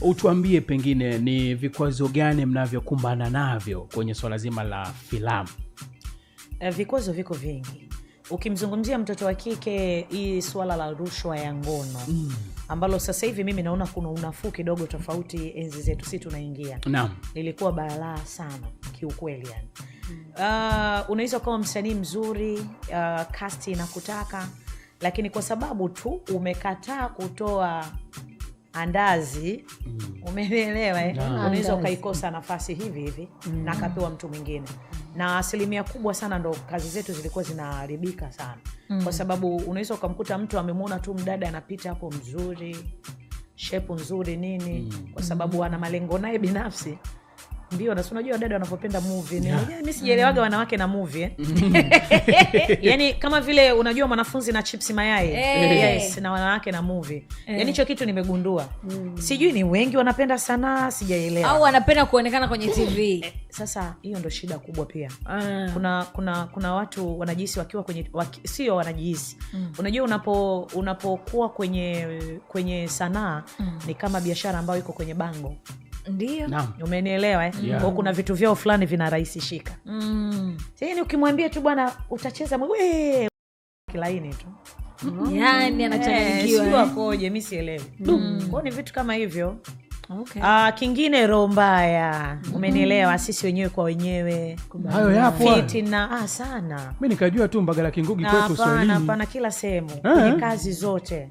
Utuambie pengine ni vikwazo gani mnavyokumbana navyo kwenye swala zima la filamu? Eh, vikwazo viko vingi. Ukimzungumzia mtoto wa kike, hii swala la rushwa ya ngono mm, ambalo sasa hivi mimi naona kuna unafuu kidogo, tofauti enzi zetu si tunaingia. Naam, lilikuwa balaa sana kiukweli, yani mm. Uh, unaweza ukawa msanii mzuri uh, ah, kasti inakutaka, lakini kwa sababu tu umekataa kutoa andazi ah, mm. Umenielewa eh? Ah. Unaweza ukaikosa nafasi hivi hivi mm. na akapewa mtu mwingine, na asilimia kubwa sana ndo kazi zetu zilikuwa zinaharibika sana mm. kwa sababu unaweza ukamkuta mtu amemwona tu mdada anapita hapo mzuri, shepu nzuri nini mm. kwa sababu ana malengo naye binafsi ndio na unajua dada wanavyopenda movie yeah. mi sijaelewaga wanawake na movie eh? Mm-hmm. yani kama vile unajua mwanafunzi na chips mayai hey. Eh. yes, na wanawake na movie hey. Eh. yani hicho kitu nimegundua mm. sijui ni wengi wanapenda sanaa sijaelewa au wanapenda kuonekana kwenye tv eh, sasa hiyo ndo shida kubwa pia mm. kuna kuna kuna watu wanajihisi wakiwa kwenye waki, sio wanajihisi mm. unajua unapo unapokuwa kwenye kwenye sanaa mm. ni kama biashara ambayo iko kwenye bango ndio umenielewa eh? yeah. Kwa kuna vitu vyao fulani vinarahisishika mm. Yaani ukimwambia tu bwana utacheza kilaini tu mm. yani yes, mi sielewi mm. kwao mm. ni vitu kama hivyo Okay. Uh, kingine roho mbaya mm. Umenielewa, sisi wenyewe kwa wenyewe hayo yapo fitina ah, sana. Mi nikajua tu la Kingugi kwetu hapana, kila sehemu eh? kwenye kazi zote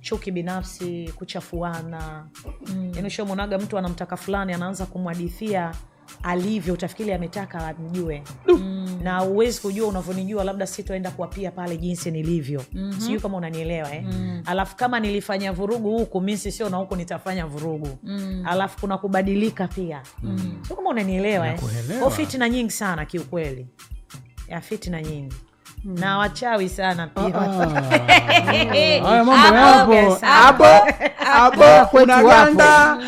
chuki binafsi, kuchafuana mm. Yani ushamwonaga mtu anamtaka fulani anaanza kumwadithia alivyo, utafikiri ametaka amjue mm. na uwezi kujua unavyonijua, labda sitoenda kuwapia pale jinsi nilivyo mm-hmm. Sijui kama unanielewa eh? mm. Alafu kama nilifanya vurugu huku, mi sisio na huku nitafanya vurugu mm. Alafu kuna kubadilika pia mm. Sio kama unanielewa eh? Fitina nyingi sana kiukweli, ya fitina nyingi na wachawi sana pia. Ah. mambo yapo abo abo kwetu wapo